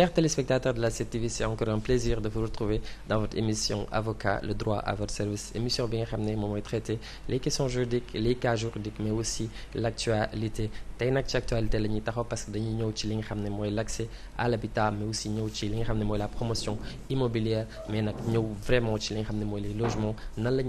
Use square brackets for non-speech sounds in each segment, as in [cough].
Chers téléspectateurs de la 7TV, c'est encore un plaisir de vous retrouver dans votre émission Avocat, le droit à votre service. Émission bi nga xam ne moom mooy traiter les questions juridiques, les cas juridiques, mais aussi l'actualité. tey nag ci actualité la taxaw parce que dañuy ñëw ci li nga xam ne mooy l'accès à l'habitat mais aussi ñëw ci li nga xam ne mooy la promotion immobilière mais nag ñëw vraiment ci li nga xam ne mooy les logements nan la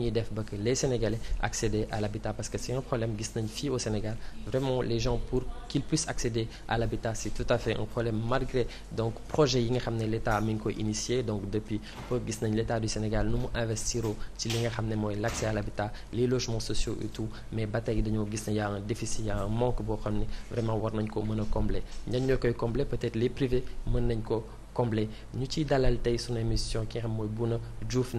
qu'ils puissent accéder à l'habitat c'est tout à fait un problème malgré donc projet yi nga xam ne l'État mi ngi koy initié donc depuis peu gis nañ l'État du Sénégal nu mu investiro ci li nga xam ne mooy l'accès à l'habitat les logements sociaux et tout mais ba tey dañoo gis na y a un déficit y manque boo xam ne vraiment war nañ ko mën a combler ñan ñoo koy comble peut-être les privés mën nañ ko comblé ñu ciy dalal tey sunu émission ki nga xam mooy Bouna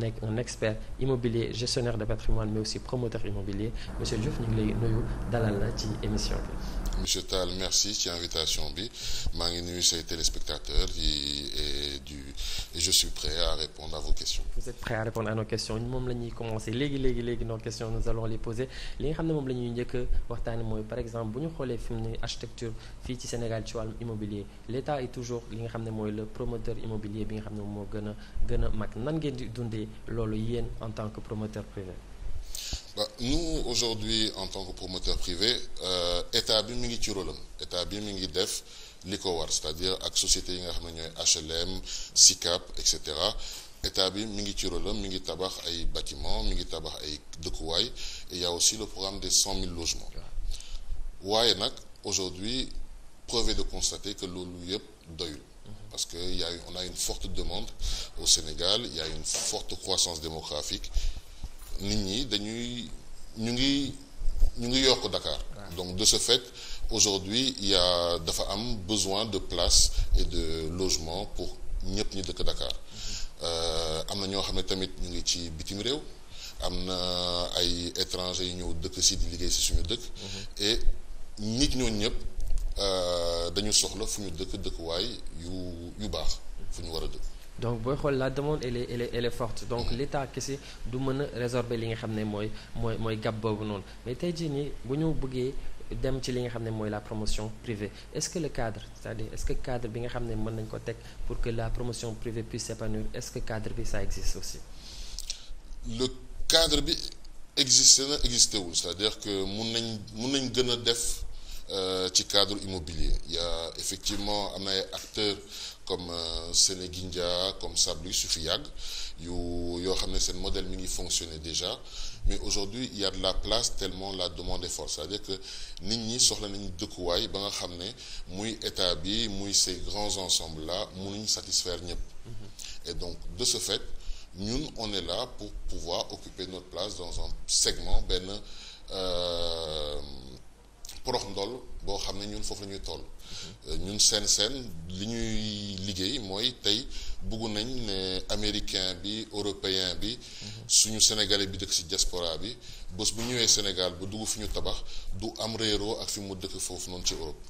nekk un expert immobilier gestionnaire de patrimoine mais aussi promoteur immobilier monsieur Diouf ñu émission monsieur Tall merci ci invitation bi maa ngi nuyu say téléspectateurs yi et moom la ñuy commencer léegi léegi léegi no questions nous allons les poser li nga xam ne moom la ñuy njëkk waxtaanee mooy par exemple bu ñu xoolee fi mu ne architecture fii ci Sénégal ci wàllum immobilier l'État est toujours li nga xam ne mooy le promoteur immobilier bi nga xam ne moo gën a gën a mag nan ngeen di dundee loolu yéen en tant que promoteur privé. Bah, nous aujourd'hui en tant que promoteur privé euh, état bi mi ngi ci rôle am état bi mi ngi def li ko war c'est-à-dire ak société yi nga xam ne ñooy HLM SICAP et cetera état bi mi ngi ci rôle mi ngi tabax ay bâtiment mi ngi tabax ay dëkkuwaay et y a aussi le programme des cent mille logements waaye nag aujourd'hui preuve est de constater que loolu yëpp doyul parce que y a on a une forte demande au Sénégal il y a une forte croissance démographique nit ñi dañuy ñu ngi ñu ngi yokk Dakar. donc de ce fait aujourd'hui il y dafa am besoin de place et de logement pour ñëpp ñu dëkk Dakar mm-hmm. euh, am na ñoo xam ne tamit ñu ngi ci bitim réew am na ay étrangers yu ñëw dëkk si di liggéey si suñu dëkk. Mm-hmm. et nit ñooñu ñëpp euh, dañu soxla fu ñu dëkk dëkkuwaay yu yu baax fu ñu war a dëkk. donc booy xool la demande elle est elle est elle est forte du mën a résorber li nga xam ne mooy mooy mooy gap boobu noonu mais tey jii nii bu ñu bëggee dem ci li nga xam ne mooy la promotion privée est-ce que le cadre c'est-à-dire est-ce cadre bi nga xam ne mën nañ ko teg pour que la promotion privée puisse s'épanouir est-ce que cadre bi ça existe aussi le cadre bi existe na existe wul c'est-à-dire que mun nañ mun nañ gën a def euh, ci cadre immobilier il y a effectivement am na comme euh, Sénégindia comme Sablus su fi yàgg yu yoo xam ne seen modèle mi ngi fonctionner déjà mais aujourd'hui il y a de la place tellement la demande est forte c'est-à-dire que nit ñi soxla nañu dëkkuwaay ba nga xam ne muy état bi muy ces grands ensembles là mënuñ satisfaire ñëpp mm-hmm. et donc de ce fait ñun on est là pour pouvoir occuper notre place dans un segment benn euh, porox ndoll boo xam ne ñun foofu lañuy ñuy toll. Euh, ñun seen seen li ñuy liggéey mooy tey bëggu nañ ne américain bi européen bi. suñu sénégalais bi dëkk ci diaspora bi bés bu ñëwee Sénégal bu dugg fi ñu tabax du am réeroo ak fi mu dëkk foofu noonu ci Europe.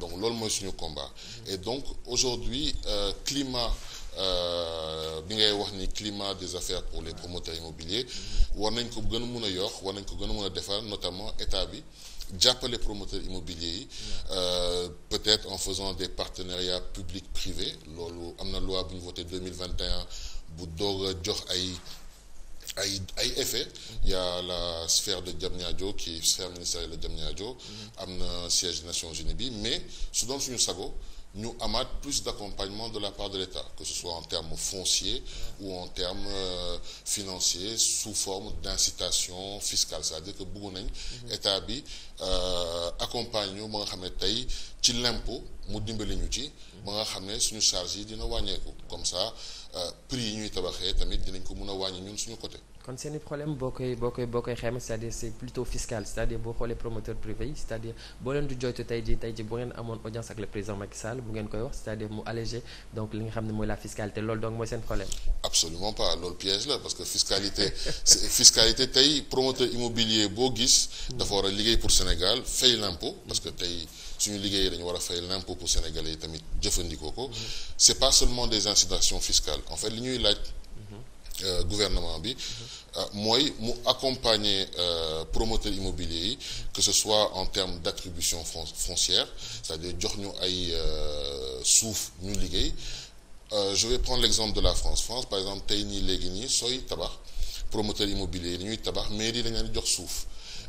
donc loolu mooy suñu combat. et donc aujourd'hui euh, climat. Euh, bi ngay wax ni climat des affaires pour les promoteurs immobiliers war nañ ko gën a mun a yokk war nañ ko gën a mun a defar notamment état bi jàppale promoteurs immobiliers yi euh, peut-être en faisant des partenariats publics privés loolu am na loi bu ñu voté 2021 bu doog jox ay ay ay effet il y a la sphère de Diamniadio qui sphère ministérielle de Diamniadio mm-hmm. am na siège des Nations Unies bi mais su doon suñu sago ñu amaat plus d'accompagnement de la part de l'État que ce soit en termes fonciers ou en termes euh, financiers sous forme d'incitation fiscale c'est-à-dire que bëggu nañ mhm. État bi euh, accompagne ñu ba nga xam ne tey ci l'impôt mu dimbali ñu ci mhm. ba nga xam ne suñu charge yi dina wàññeeku comme ça euh, prix yi ñuy tabaxee tamit dinañ ko mun a wàññi ñun suñu côté kon seen i problème boo koy boo koy boo koy xayma c'est-à-dire c'est plutôt fiscal c'est-à-dire boo xoolee promoteur privé yi c'est-à-dire boo leen di joytu tey jii tey jii ngeen amoon audience ak le président Macky Sall bu ngeen koy wax c'est-à-dire mu alléger donc li nga xam ne mooy la fiscalité loolu donc mooy seen [laughs] promoteur immobilier boo gis dafa war a liggéey pour Sénégal fay l'impôt parce que tey suñu liggéeyee dañu war a fay l'impôt pour Sénégalais yi tamit ko mm-hmm. c'est pas seulement des incitations fiscales en fait li Euh, gouvernement bi euh, mooy mu accompagner euh, promoteurs immobiliers yi que ce soit en termes d'attribution foncière c'est-à-dire jox ñu ay suuf ñu liggéey je vais prendre l'exemple de la France France par exemple tey nii léegi nii sooy tabax promoteur immobilier yi dañuy tabax mairie dañu leen di jox suuf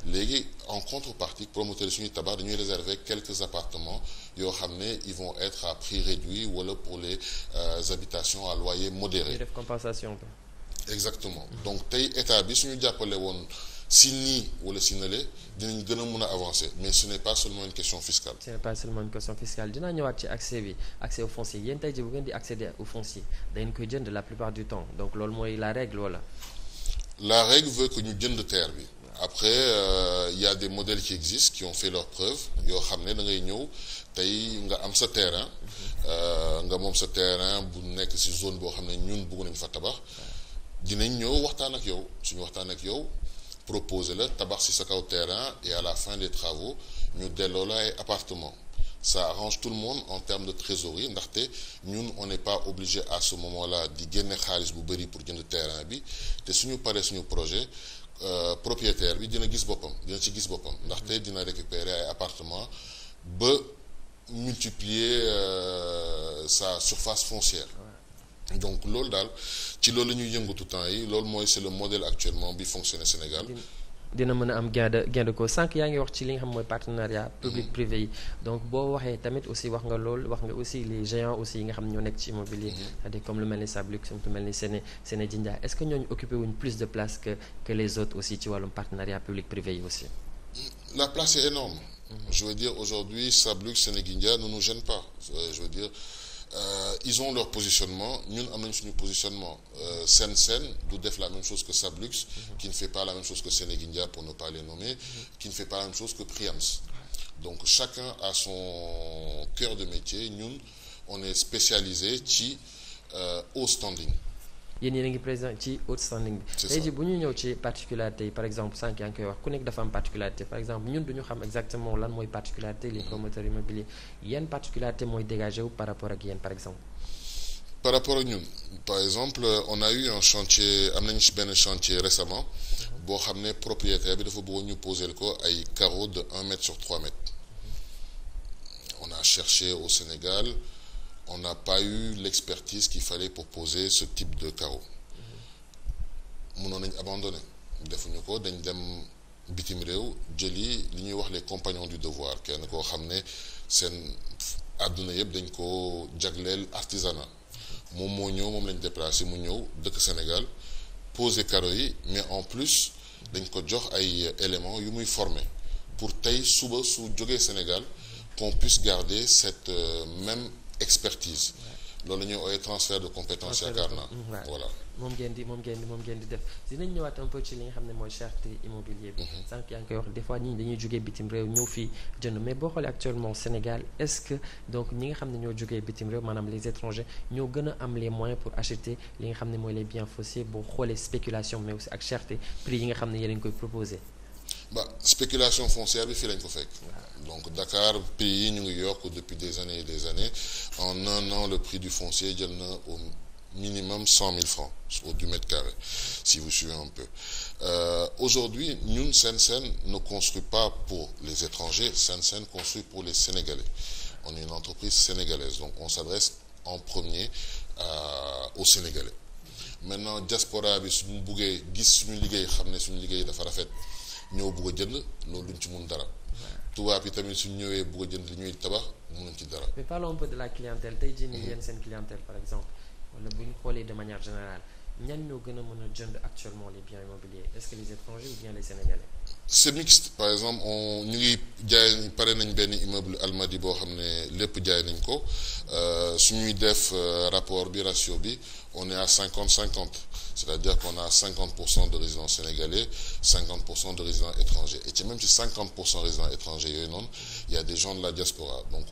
léegi en contrepartie promoteurs yi suñuy tabax dañuy réserver quelques appartements yoo xam ne ils vont être à prix réduit wala pour les habitations à loyer modéré. compensation exactement donc tey état bi suñu jàppale woon si nii wala si nale dinañ gën a mun a avancer mais ce n'est pas seulement une question fiscale. ce n'est pas seulement une question fiscale dinaa ñëwaat ci accès bi accès au foncier yéen tey ji bu ngeen di accéder au foncier dangeen koy jënd la plupart du temps donc loolu mooy la règle wala. la règle veut que ñu jënd terre bi. après euh, y a des modèles qui existent qui ont fait leur preuve yoo xam ne da ngay ñëw tey nga am sa terrain. Mm-hmm. Euh, nga moom sa terrain bu nekk ci zone boo xam ne ñun bëgg nañ fa tabax. dinañ ñëw waxtaan ak yow suñu waxtaan ak yow proposer la tabax si sa kaw terrain et à la fin des travaux ñu delloo la ay appartement ça arrange tout le monde en termes de trésorerie ndaxte ñun on n'est pas obligé à ce moment la di génne xaalis bu bëri pour jënd terrain bi te suñu paree suñu projet euh, propriétaire bi dina gis boppam dina ci gis boppam ndaxte dina récupérer ay appartement ba multiplier euh, sa surface foncière donc loolu daal ci loolu ñu ñuy yëngatu yi loolu mooy c'est le modèle actuellement bi fonctionne Sénégal dina mën a am gain de gain de cause yaa ngi wax ci li nga xam mooy partenariat mm-hmm. public privé yi donc boo waxee tamit aussi wax nga lool wax nga aussi les géants aussi yi nga xam ñoo nekk ci immobilier mm-hmm. c'est-à-dire comme lu mel ni Sablux comme lu mel ni Séné Séné Jinja est-ce que ñooñu occupé wuñ plus de place que les autres aussi ci wàllum partenariat Euh, ils ont leur positionnement ñun am nañ suñu positionnement euh, Sen Sen du def la même chose que Sablux mhm. qui ne fait pas la même chose que Sénégindia pour ne pas les nommer mhm. qui ne fait pas la même chose que Priams donc chacun a son cœur de métier ñun on est spécialisé ci haut euh, standing yéen yéen a ngi présent ci haute standing bi léegi bu ñu ñëw ci particularité yi par exemple sànq yaa ngi koy wax ku nekk dafa am particularité par exemple ñun duñu xam exactement lan mooy particularité les promoteurs immobiliers yenn particularité mooy dégagé wu par rapport ak yéen par exemple par rapport ak ñun par exemple on a eu un chantier am si benn chantier récemment mhm. boo xam ne propriétaire bi dafa bëggoon ñu poser ko ay carreaux de un mètre sur trois mètres mhm. on a cherché au Sénégal on n'a pas eu l'expertise qu'il fallait pour poser ce type de chaos mënoon nañ abandonné defuñu ko dañ dem bitim réew yi li ñuy wax les compagnons du devoir kenn koo xam ne seen àdduna yëpp dañ ko jagleel artisanat moom moo ñëw moom lañ déplacé mu ñëw dëkk Sénégal poser carreaux yi mais en plus dañ ko jox ay éléments yu muy former pour tey suba su jógee Sénégal qu'on puisse garder cette euh, même expertise. loolu la ñuy ooyee de compétence yaakaar naa. voilà moom ngeen di moom ngeen di moom ngeen di def dinañ ñëwaat un peu ci li nga xam ne mooy charte immobilier bi. Mhm. sànq yaa ngi koy wax des fois ñii dañuy jógee bitim réew ñëw fii jënd mais boo xoolee actuellement Sénégal est-ce que donc ñi nga xam ne ñoo jógee bitim réew maanaam les étrangers ñoo gën a am les moyens pour acheter li nga xam ne mooy les biens fonciers boo xoolee spéculation mais aussi ak charte prix yi nga xam ne yéen a koy proposé. ba spéculation foncière bi lañ ko fekk. donc Dakar pays yi ñu ngi yokk depuis des années et des années en un an le prix du foncier jël na au minimum cent mille francs au du mètre carré si vous suivez un peu euh, aujourd'hui ñun Sensen ne construit pas pour les étrangers Sensen construit pour les Sénégalais on est une entreprise sénégalaise donc on s'adresse en premier euh, aux Sénégalais maintenant diaspora bi suñu buggee gis suñu liggéey xam ne suñu liggéey dafa rafet. ñëw bugg a jënd loolu duñ ci mun dara. tubaab yi tamit su ñëwee bugg a jënd li ñuy tabax mënuñ ci dara. mais parlons un peu de la clientèle tey jii nii yéen seen clientèle par exemple wala bu ñu xoolee de manière générale. ñan ñoo gën a mën a jënd actuellement les biens immobiliers est-ce par exemple ñu ngi jaay pare nañ benn immeuble Almadi boo xam ne lépp jaay nañ ko euh, su ñuy def euh, rapport bi ratio bi on est à cinquante cinquante cest a cinquante pour cent de résidents sénégalais cinquante pour cent de résidents étrangers et ci même yooyu noonu il y a des gens de la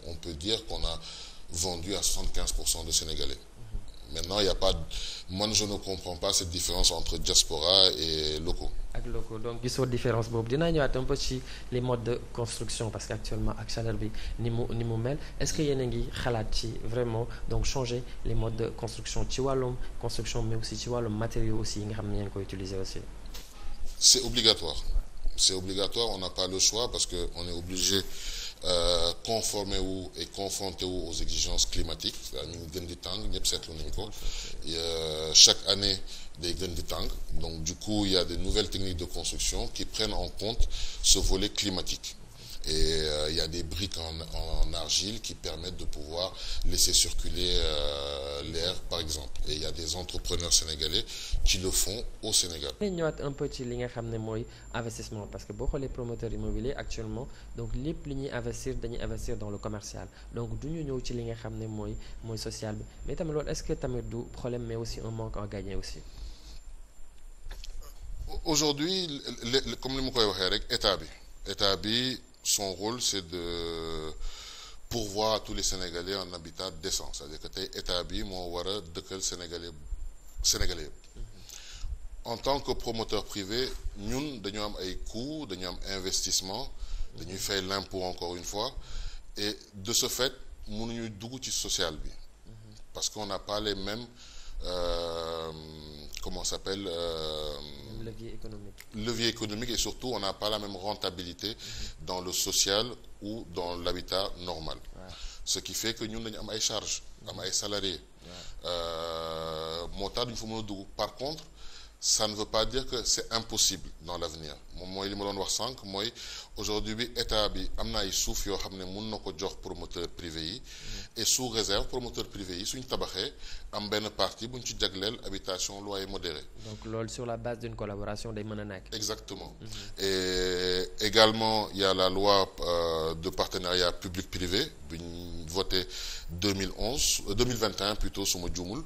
on peut dire pour cent de Maintenant, il y a pas man je ne comprends pas cette différence entre diaspora et locaux. ak locaux donc gisoo différence boobu dinaa ñëwaat un peu ci les modes de construction parce que ak chaleur bi ni mu ni mu mel est-ce que yéen a ngi xalaat ci vraiment donc changer les modes de construction ci wàllum construction mais aussi ci wàllum matériaux aussi yi nga xam ne yéen koy utiliser aussi. c'est obligatoire c'est obligatoire on n'a pas le choix parce que on est obligé. Euh, conformer wu et confronter wu aux exigences climatiques ñu ngi gën di tàng ñëpp seetlu nañu ko euh, chaque année des gën di tàng donc du coup il y a des nouvelles techniques de construction qui prennent en compte ce volet climatique Et euh, il y a des briques en, en, argile qui permettent de pouvoir laisser circuler euh, l'air, par exemple. Et il y a des entrepreneurs sénégalais qui le font au Sénégal. li nga xam ne mooy investissement parce que boo xoolee promoteur immobilier actuellement donc lépp li ñuy investir dañuy investir dans le commercial donc du ñu ñëw ci li nga xam ne mooy mooy social bi mais tamit lool est-ce que tamit du problème mais aussi un manque à gagner aussi. aujourd'hui comme li mu koy waxee rek état bi état bi. son rôle c'est de pourvoir à tous les Sénégalais un habitat décent c'est-à-dire que tey état bi moo war a dëkkal Sénégalais Sénégalais yëpp mm-hmm. en tant que promoteur privé ñun dañu am ay coûts dañu am investissement dañuy fay l'impôt encore une fois et de ce fait mënuñu dugg ci sociale bi mm-hmm. parce qu'on n'a pas les Euh, comment ça s'appelle euh, levier économique. levier économique et surtout on n'a pas la même rentabilité mm-hmm. dans le social ou dans l'habitat normal ouais. ce qui fait que ñun dañu am ay charges mm-hmm. am ay salariés euh, moo tax duñu fa mën a dugg par contre ça ne veut pas dire que c'est impossible dans l'avenir moom mooy li ma doon wax sànq mooy aujourd'hui bi état bi am na ay suuf yoo xam ne mën na ko jox promoteur privé yi mm-hmm. et sous réserve promoteur privé yi suñ tabaxee am benn partie bu ñu ci jagleel habitation loyer modéré. donc lool sur la base d'une collaboration day mën a nekk. exactement. Mm également il y a la loi euh, de partenariat public privé bu ñu voté deux mille onze euh, deux mille vingt et un plutôt su ma juumul. Mhm.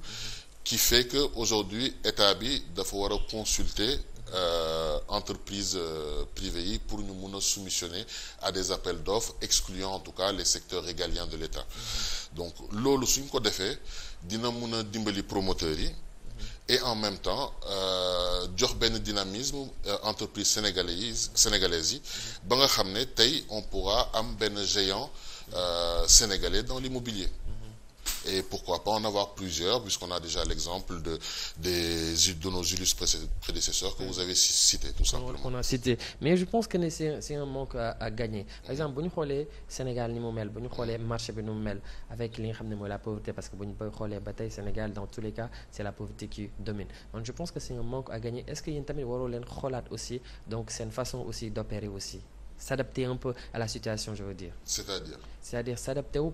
qui fait que aujourd'hui état bi dafa war a consulter Euh, entreprise euh, privée yi pour ñu mun a soumissionner à des appels d'offres excluant en tout cas les secteurs régaliens de l'État mm-hmm. donc loolu suñ ko defee dina mun a dimbali promoteurs yi mm-hmm. et en même temps euh, jox euh, benn dynamisme euh, entreprise sénégalaise sénégalaise yi mm-hmm. ba nga xam ne tey on pourra am benn géant euh, sénégalais dans l'immobilier et pourquoi pas en avoir plusieurs puisqu'on a déjà l'exemple de des de prédécesseurs que mm. vous avez cités tout simplement. qu'on a cité mais je pense que c'est un manque à, gagner par exemple bu ñu xoolee Sénégal ni mu mel bu ñu xoolee marché bi ni mu mel avec li nga xam ne mooy la pauvreté parce que bu ñu koy xoolee ba tey Sénégal dans tous les cas c'est la pauvreté qui domine je pense que c'est un manque à gagner est-ce que yéen tamit waroo leen xoolaat s'adapter un peu à la situation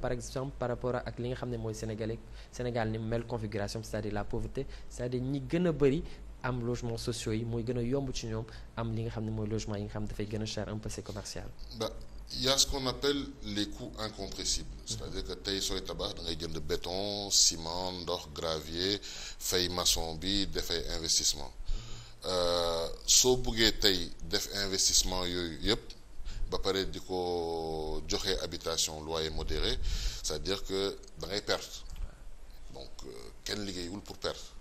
par exemple par rapport ak li nga xam ne mooy sénégalais Sénégal ni mel configuration la pauvreté cest gën a bëri am logement sociaux mooy gën a yomb ci ñoom am li nga xam ne mooy logement yi nga xam ne dafay gën a cher un peu c'est commercial. Bah. il y a ce qu'on appelle les coûts incompressibles c'est-à-dire que tey sooy tabax da euh, soo buggee tey def investissement yooyu yëpp ba pare di ko joxe habitation loyer modéré c'est-à-dire que da perte donc euh, kenn liggéeyul pour perte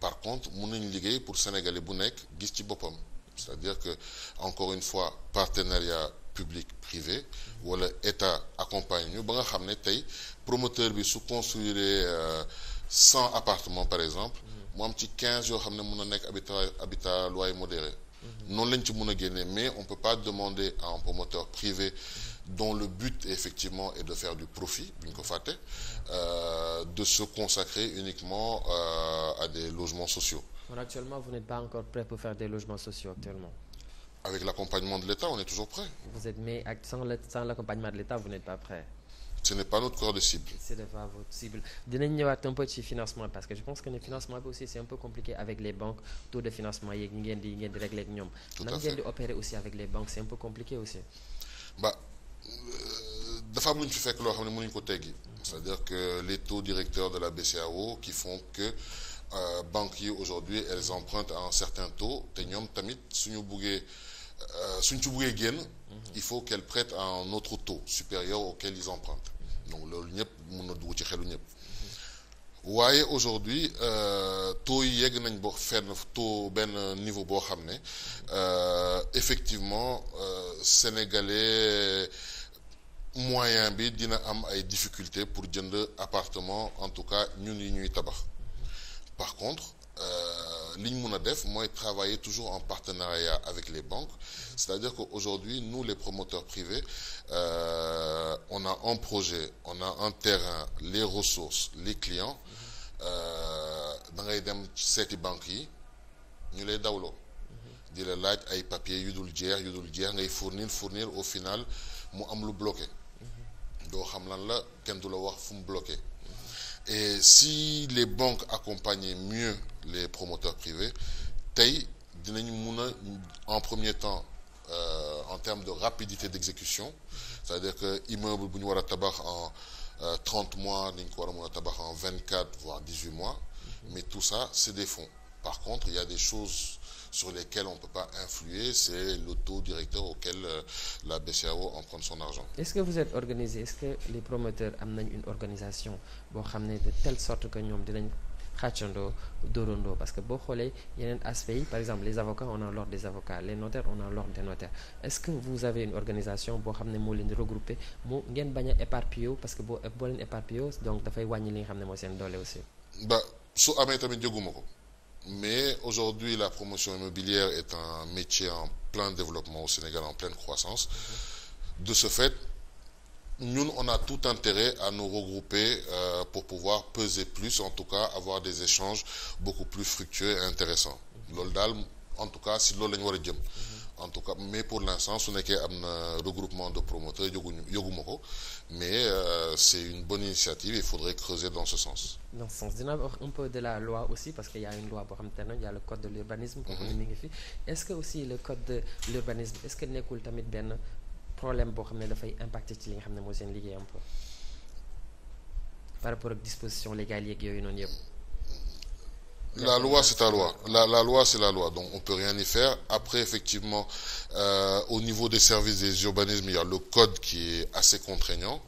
par contre mun nañ liggéey pour sénégalais bu nekk gis ci boppam c'est-à-dire que encore une fois partenariat public privé wala état accompagne ñu ba nga xam ne tey promoteur bi su construire euh, cent appartements par exemple moom ci quinze yoo xam ne mun na nekk habitat habitat loyer modéré noonu lañ ci mën a génne mais on peut pas demander à un promoteur privé dont le but effectivement est de faire du profit bu ñu ko fàtte euh, de se consacrer uniquement euh, à des logements sociaux. Bon, actuellement vous n'êtes pas encore prêt pour faire des logements sociaux actuellement. Avec l'accompagnement de l'État, on est toujours prêt. Vous êtes mais sans l'accompagnement de l'État, vous n'êtes pas prêt. ce n'est pas notre corps de cible. ce n'est pas votre dinañ ñëwaat un peu ci financement parce que je pense que ne financement bi aussi c'est un peu compliqué avec les banques taux de financement yeeg ñi ngeen di ngeen di régler ak c'est un peu compliqué aussi. bah euh, dafa am lu ñu fi loo xam ne mënuñu ko teggi. que les taux directeurs de la BCEAO qui font que. Euh, banques yi aujourd'hui elles empruntent à un certain taux te ñoom tamit suñu buggee Euh, suñ ci buggee génn il faut qu'elle prête à un autre taux supérieur auquel ils empruntent donc loolu ñëpp mun na dugg ci xelu ñëpp waaye aujourd'hui euh, taux yi yegg nañ ba fenn taux benn niveau boo xam ne euh, effectivement sénégalais moyen bi dina am ay difficultés pour jënd appartement en tout cas ñun yi ñuy tabax par contre Euh, li ñu mën a def mooy travailler toujours en partenariat avec les banques c'est-à-dire qu'aujourd'hui nous les promoteurs privés euh, on a un projet on a un terrain les ressources les clients euh, da ngay dem seeti banques yi ñu lay dawloo di la laaj ay papiers yu dul jeex yu dul jeex ngay fournir fournir au final mu am lu bloqué doo xam lan la kenn du wax fu mu bloqué et si les banques accompagnaient mieux les promoteurs privés tey dinañ mun a en premier temps euh, en termes de rapidité d'exécution c'est-à-dire que immeuble bu ñu war a tabax en euh, trente mois dañ ko war a mun tabax en vingt quatre voire dix huit mois mais tout ça des fonds par contre des choses sur lesquelles on ne peut pas influer c'est le taux directeur euh, la BCEAO emprunte son argent est-ce que vous organisation boo xam ne que ñoom xàccandoo dóorandoo parce que boo xoolee yeneen aspects yi par exemple les avocats on a l'ordre des avocats les notaires on a l'ordre des notaires est-ce que vous avez une organisation boo xam ne moo leen regroupé moo ngeen bañ a éparpillé parce que boo boo leen éparpillé donc dafay wàññi li nga xam ne mooy seen doole aussi ba su amee tamit jóguma ko mais aujourd'hui la promotion immobilière est un métier en plein développement au Sénégal en pleine croissance mm-hmm. ñun on a tout intérêt à nous regrouper euh, pour pouvoir peser plus en tout cas avoir des échanges beaucoup plus fructueux et intéressants loolu daal en tout cas si loolu la war jëm mm-hmm. en tout cas mais pour l'instant su nekkee am na regroupement de promoteurs yëguñu yëguma ko mais euh, c'est une bonne initiative il faudrait creuser dans ce sens dans ce sens dina wax peu de la loi aussi parce que y a une loi boo xam y a le code de l'urbanisme ko mm-hmm. ngi fi est-ce que aussi le code est-ce que nekkul tamit benn problème boo xam ne dafay impact ci li nga xam ne moo seen liggéey emploi par rapport ak disposition légale yeeg yooyu noonu yëpp. la loi c'est la loi la loi c'est la loi donc on peut rien y faire après effectivement euh, au niveau des services des urbanismes il y a le code qui est assez contraignant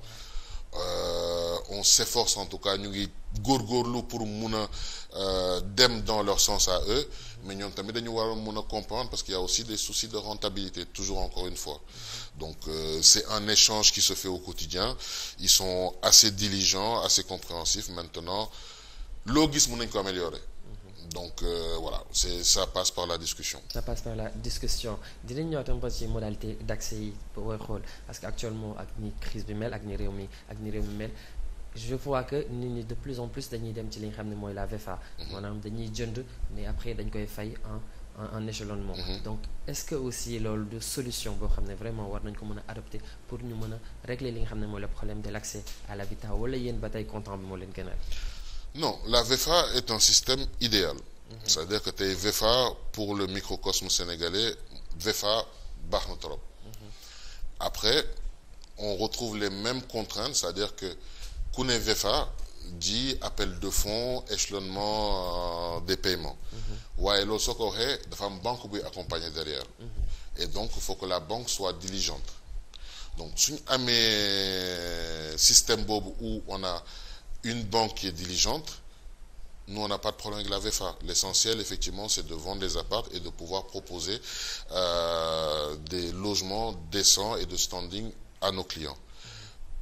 euh, on s'efforce en tout cas ñu ngi góorgóorlu pour mun a euh, dem dans leur sens à eux mais ñoom tamit dañu war a mun a comprendre parce qu'il y a aussi des soucis de Donc euh, c'est un échange qui se fait au quotidien. Ils sont assez diligents, assez compréhensifs. Maintenant, logisme nañ ko améliorer. donc euh, voilà c'est ça passe par la discussion. ça passe par la discussion dinañ ñëwaat tam ci modalité d'accès yi booy xool parce que actuellement ak ni crise bi mel ak ni réew mi ak ni réew mi mel je vois que nit ñi de plus en plus dañuy dem ci li nga xam ne mooy la VFA. Mhm. maanaam dañuy jënd mais après dañ koy fay en. en, en échelonnement mm -hmm. donc est-ce que aussi loolu de solution boo xam ne vraiment war nañ ko mën a adopter pour ñu mën a régler li nga xam ne mooy le problème de l'accès à l'habitat wala yéen ba tey content bi moo leen gënal non la VEFA est un système idéal mm-hmm. c'est-à-dire que tey VEFA pour le microcosme sénégalais VEFA baax na trop mm-hmm. après on retrouve les mêmes contraintes c'est-à-dire que ku ne ji appel de fonds échelonnement euh, des paiements mhm. waaye loolu soo ko waxee dafa am banque buy accompagner derrière mhm. et donc il faut que la banque soit diligente donc suñu amee système boobu où on a une banque qui est diligente nous on n'a pas de problème avec la VFA l'essentiel effectivement c'est de vendre des apparts et de pouvoir proposer euh, des logements décents et de standing à nos clients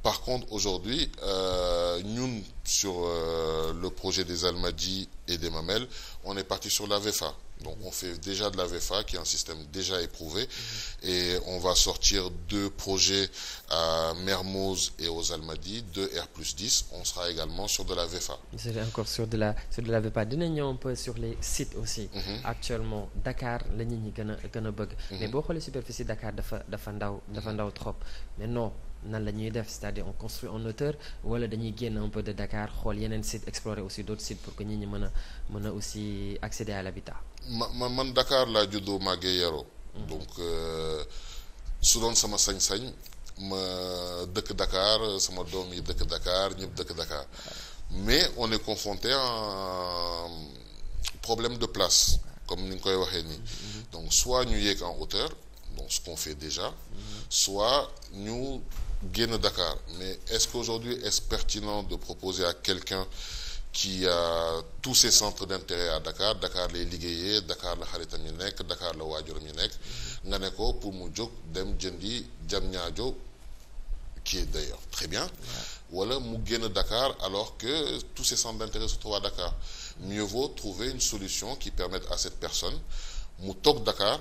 Par contre, aujourd'hui, euh, nous, sur euh, le projet des Almadji et des Mamelles, on est parti sur la VFA. Donc on fait déjà de la VFA, qui est un système déjà éprouvé, mm-hmm. et on va sortir deux projets à Mermoz et aux Almadies, deux R plus 10, on sera également sur de la VFA. C'est encore sur la, sur de la VFA. Dinañu un peu sur les sites aussi. Mm-hmm. Actuellement, Dakar la nit ñi gën a gën a bëgg. Mm-hmm. Mais boo xoolee superficie Dakar dafa dafa ndaw dafa ndaw trop. Mais non. nan la ñuy def c'est-à-dire on construit en hauteur wala dañuy génn un peu de Dakar xool yeneen sites explorer aussi d'autres sites pour que nit ñi mën a mën a aussi accéder à l'habitat ma ma man Dakar laa juddoo màggee yaroo mm. donc euh, su doon sama sañ-sañ ma dëkk Dakar sama doom yi dëkk Dakar ñëpp dëkk Dakar mais on est confronté problème de place comme ni nga koy waxee nii mm-hmm. donc soit ñu yéeg en hauteur donc ce fait déjà mm-hmm. soit ñu génn Dakar mais est-ce qu'aujourd'hui est-ce pertinent de proposer à quelqu'un qui a tous ses d'intérêt à Dakar Dakar lay liggéeyee Dakar la xaritam yi nekk Dakar la waajuram yi nekk nga ne ko pour mu jóg dem jëndi Diamniadio qui est d'ailleurs très bien wala mu génn Dakar alors que tous ses centres d'intérêt se trouvent à Dakar mieux vaut trouver une solution qui permette à cette personne mu toog Dakar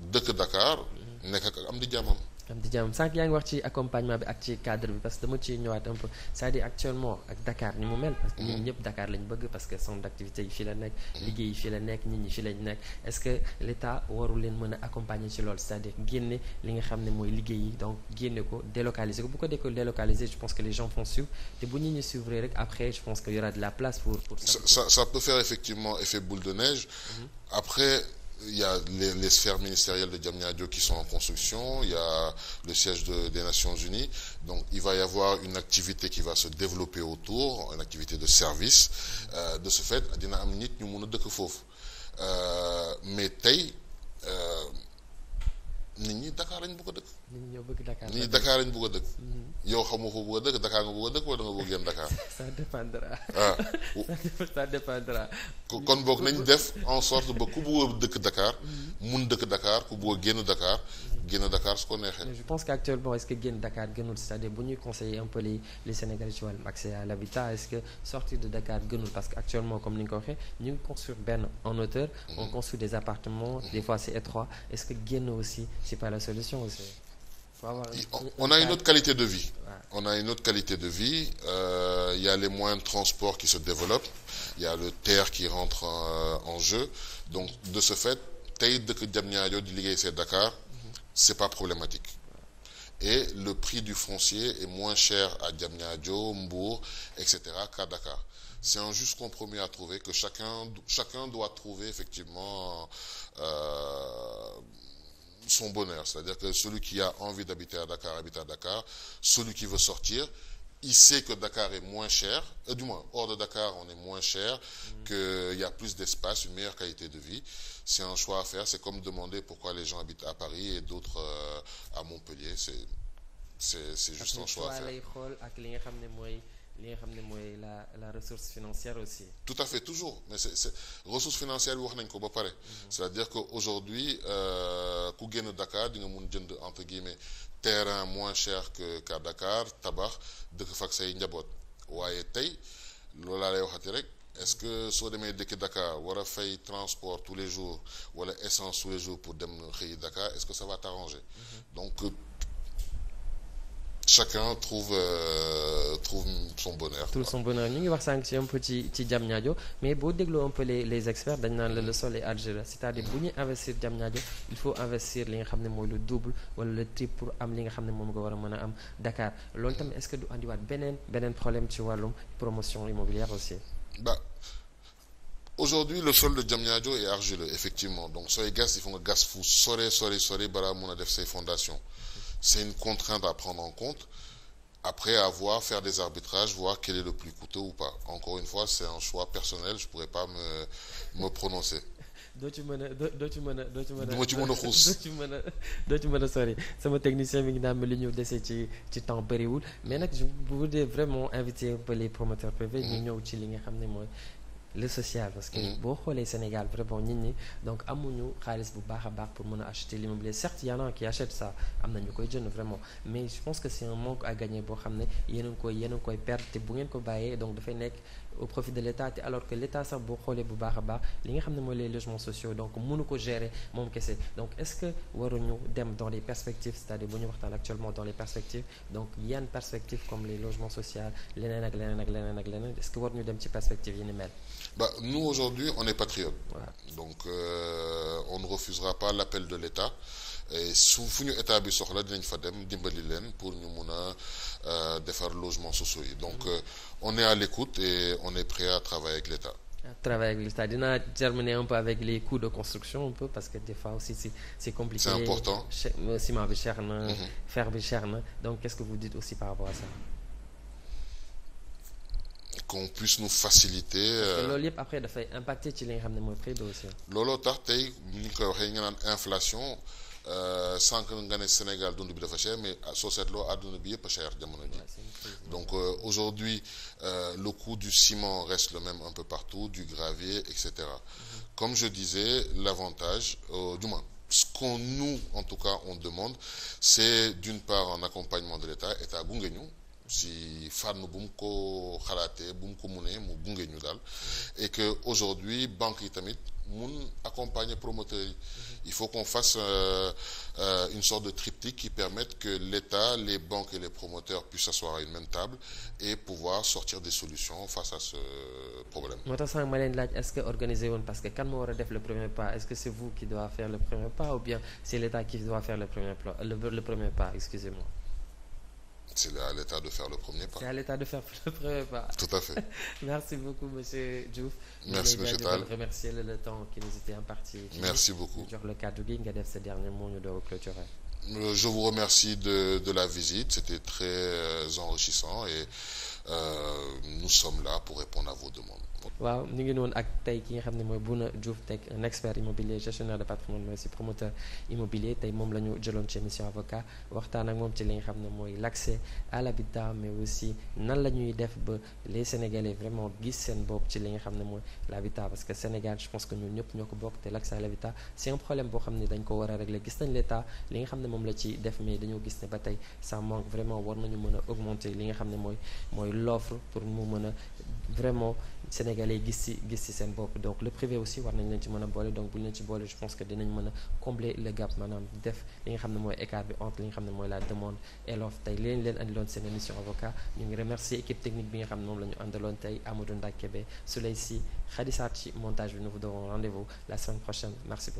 dëkk Dakar mm-hmm. nekk ak am di jàmmam am di jàmm sànq yaa ngi wax ci accompagnement bi ak ci cadre bi parce que dama ci ñëwaat un peu c'est-à-dire actuellement ak Dakar ni mu mel. parce que ñun ñëpp Dakar lañ bëgg parce que centre d'activité yi fii la nekk. liggéey yi fii la nekk nit ñi fii lañ nekk est-ce l'État warul leen mën a accompagner ci loolu cest à génne li nga xam ne mooy liggéey yi donc génne ko délocaliser ko bu ko déco délocaliser je pense que les gens vont suivre te bu nit ñi suivre rek il y a les, les sphères ministérielles de Diamniadio qui sont en construction, il y a le siège de, des Nations Unies. Donc il va y avoir une activité qui va se développer autour, une activité de service. Euh, de ce fait, dina am nit ñu mën a dëkk foofu euh, mais tey euh, nit ñi Dakar lañ bëgg a dëkk nit ñi ñoo bëgg Dakar nit ñi Dakar lañ bëgg a dëkk. Mm-hmm. yow xamoo ko bëgg a dëkk Dakar nga bëgg a dëkk wala nga bëgg génn Dakar. [laughs] ça dépendra. ah [laughs] ça dépendra. kon boog nañ def en sorte ba ku bëgg a dëkk Dakar. Mm-hmm. mun dëkk Dakar ku bëgg a génn Dakar. Mm-hmm. génn Dakar su ko neexee. je pense qu'actuellement est que génn Dakar gënul cest bu ñuy conseiller un peu les les Sénégalais à l'habitat est que sortir de Dakar gënul parce que actuellement comme ni nga ko waxee ñu ngi construire benn en hauteur. on construit des appartements. des on a une autre qualité de vie on a une autre qualité de vie euh, il y a les moyens de transport qui se développent il y a le terre qui rentre en, euh, en jeu donc de ce fait tey dëkk Diamniadio di liggéey see Dakar c'est pas problématique et le prix du foncier est moins cher à Diamniadio, Mbour, etc. qu'à Dakar. C'est un juste compromis à trouver que chacun chacun doit trouver effectivement euh, son bonheur. C'est-à-dire que celui qui a envie d'habiter à Dakar, habite à Dakar. Celui qui veut sortir, il sait que Dakar est moins cher, euh, du moins, hors de Dakar, on est moins cher, mm. qu'il y a plus d'espace, une meilleure qualité de vie. C'est un choix à faire. C'est comme demander pourquoi les gens habitent à Paris et d'autres euh, à Montpellier. C'est juste un choix à faire. li nga xam ne mooy la la ressource financière aussi. tout à fait toujours mais c'est c'est ressource financière bi wax nañ ko ba pare. Mhm. c'est-à-dire que aujourd'hui euh, ku génn Dakar di nga mun jënd entre guillemets terrain moins cher que qu'à Dakar tabax dëkk fak say njaboot waaye tey loolu laa lay waxati rek. est-ce que soo demee dëkk Dakar war a fay transport tous les jours wala essence tous les jours pour dem xëy Dakar est-ce que mhm. donc chacun trouve euh, trouve son bonheur. trouve son bonheur ñu ngi wax sànq si un peu ci ci Diamniadio mais boo dégloo un peu les les experts dañ naan la le sol est argileux cest bu ñu investir Diamniadio il faut investir li nga xam ne mooy le double wala le triple pour am li nga xam ne moom nga war a mën a am Dakar loolu tamit est-ce que du indiwaat beneen beneen problème ci wàllum promotion immobilière aussi. Bah. aujourd'hui le sol de Diamniadio est argileux effectivement donc sooy gas il faut nga fu sore sore sore balaa mun a def c'est une contrainte à prendre en compte. Après, à voir, faire des arbitrages, voir quel est le plus coûteux ou pas. Encore une fois, c'est un choix personnel, je ne pourrais pas me, prononcer. doo ci mën a doo ci mën a doo ci mën a doo ci mën a xuus doo ci a doo ci mën a sori sama technicien mi ngi naan ma li ñu dese ci ci temps bëriwul mais nag je voudrais vraiment inviter un peu les mhm. ñëw ci li nga xam ne mooy le social parce que mhm. boo xoolee Sénégal vraiment nit ñi donc amuñu xaalis bu baax a baax pour mën a acheter l'immobilier certes y en a qui achètent am na ñu koy jënd vraiment mais je pense que c'est un manque à gagner boo xam ne yéen a ngi koy yéen koy perte bu ngeen ko bàyyee donc dafay nekk au profit de l'État te alors que l'État sax boo xoolee bu baax a baax li nga xam ne mooy les logements sociaux donc mënu ko gérer moom kese donc est-ce que waruñu dem dans les perspectives c'est-à-dire bu ñu waxtaan actuellement dans les perspectives donc yan perspectives comme les logements sociaux leneen ak leneen ak leneen ak leneen est-ce que waruñu dem ci perspectives yi ni mel. nous aujourd'hui on est patriotes. donc euh, on ne refusera pas su fu ñu état bi soxla dinañ fa dem dimbali leen pour ñu mun a euh, defar logement sociaux yi donc euh, on est à l'écoute et on est prêt à travailler avec l'État travailler avec l'État dinaa terminer un peu avec les coûts de construction un peu parce que des fois aussi c'est c'est compliqué c'est important euh, ciment bi cher na mm-hmm. fer bi cher na donc qu'est-ce que vous dites aussi par rapport à ça qu'on puisse nous faciliter loolu yëpp après dafay impacter ci li nga xam ne mooy prix bi looloo tax tey ñu koy waxee nga naan Euh, sànq nga ne Sénégal dund bi dafa cher mais soo à àdduna bi yëpp a cher jamono ji donc euh, aujourd'hui euh, le coût du ciment reste le même un peu partout du gravier et cetera comme je disais l'avantage euh, du moins ce qu'on nous en tout cas on demande c'est d'une part un accompagnement de l'État État gunge ñu si fànn bu mu ko xalaatee bu mu ko munee mu gunge ñu daal et que aujourd'hui banque yi tamit mun accompagner promoteurs yi. Mhm. il faut qu'on fasse euh, euh, une sorte de triptyque qui permette que l'État, les banques et les promoteurs puissent s'asseoir une même table mhm. et pouvoir sortir des solutions face à ce problème. moo tax sànq ma leen laaj est-ce que organiser woon parce que a def c'est vous qui doit faire le premier pas ou bien c'est l'État qui doit faire le premier pas excusez-moi. C'est à l'État de faire le premier pas. C'est à l'État de faire le premier pas. Tout à fait. [laughs] Merci beaucoup, monsieur Diouf. le temps qui nous Merci beaucoup. jox la kàddu nga def sa dernier mot ñu doog clôturer. Euh, je vous remercie de de la visite, c'était très euh, enrichissant et euh, nous sommes là pour répondre à vos demandes. waaw ñu ngi woon ak tey ki nga xam ne mooy Bouna Diouf Seck un expert immobilier gestionnaire de patrimoine mais aussi promoteur immobilier tey moom la ñu jëloon ci émission avocat waxtaan ak moom ci li nga xam ne mooy l'accès à l'habitat mais aussi nan la ñuy def ba les Sénégalais vraiment gis seen bopp ci li nga xam ne mooy l'habitat parce que Sénégal je que ñun ñëpp ñoo ko bokk te l'accès à l'habitat c'est un problème boo xam ne dañ ko war a régler gis nañ l'État li nga xam ne moom la ci def mais dañoo gis ne ba tey ça manque vraiment war nañu mën a augmenter li nga xam ne mooy mooy l'offre pour mu mën a vraiment sénégalais gis ci gis ci seen bopp donc le privé aussi war nañ leen ci mën a boole donc bu ñu leen ci boole je pense que dinañ mën a combler le gap def li nga xam ne mooy écart bi entre li nga xam ne mooy la demande et l'offre tey leen leen andiloon seen émission avocat ñu ngi remercier équipe technique bi nga xam ne moom la ñu àndaloon tey Amadou Ndakebe Souley Sy Khady Sarr ci montage bi nous vous rendez-vous la semaine prochaine merci